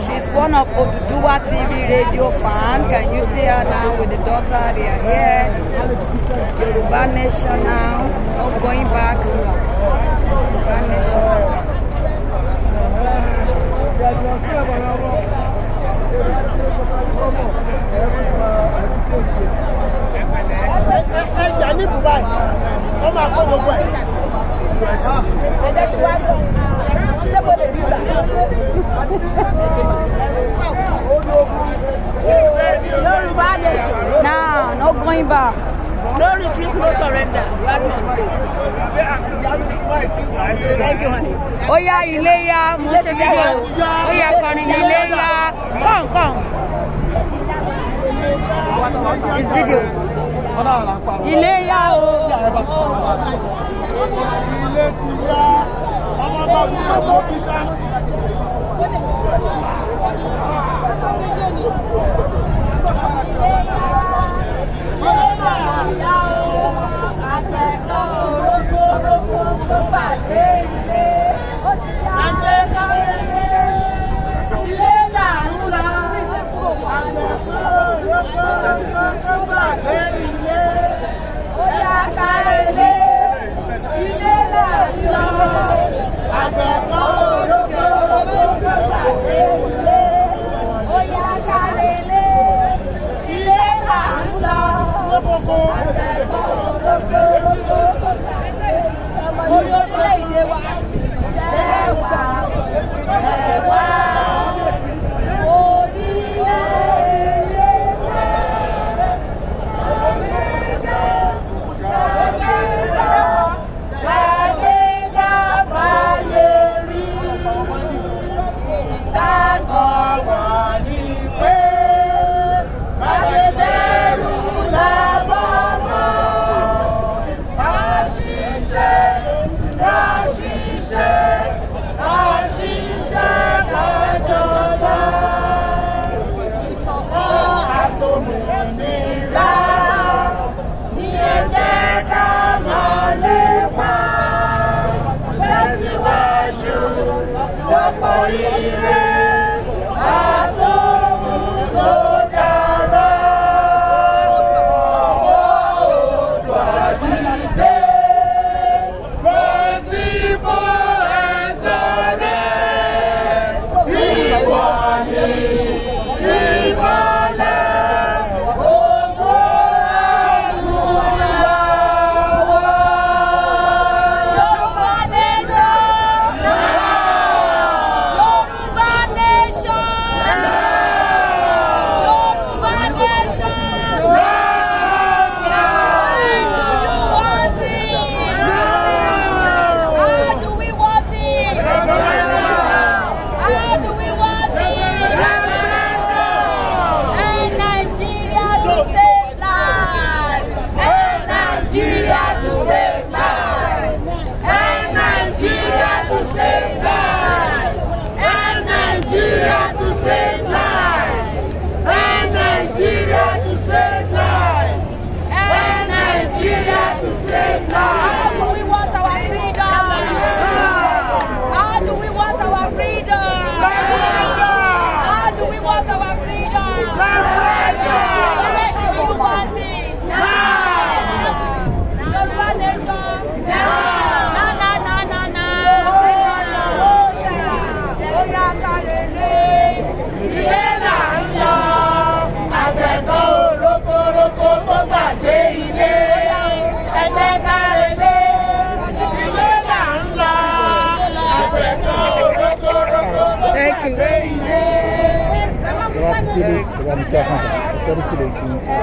She's one of Oduduwa TV radio fan. Can you see her now with the daughter? They are here. Yoruba Nation now. Not going back. máa kó Nah, no going back. No retreat, no surrender. You are Oya Iléyá, mo ṣe Oya kọrin Come, come. It's video iléyá ilé ti yá ọmọ bá mi kọ́ sọ́bíṣà. Hallelujah. going to grazie, grazie.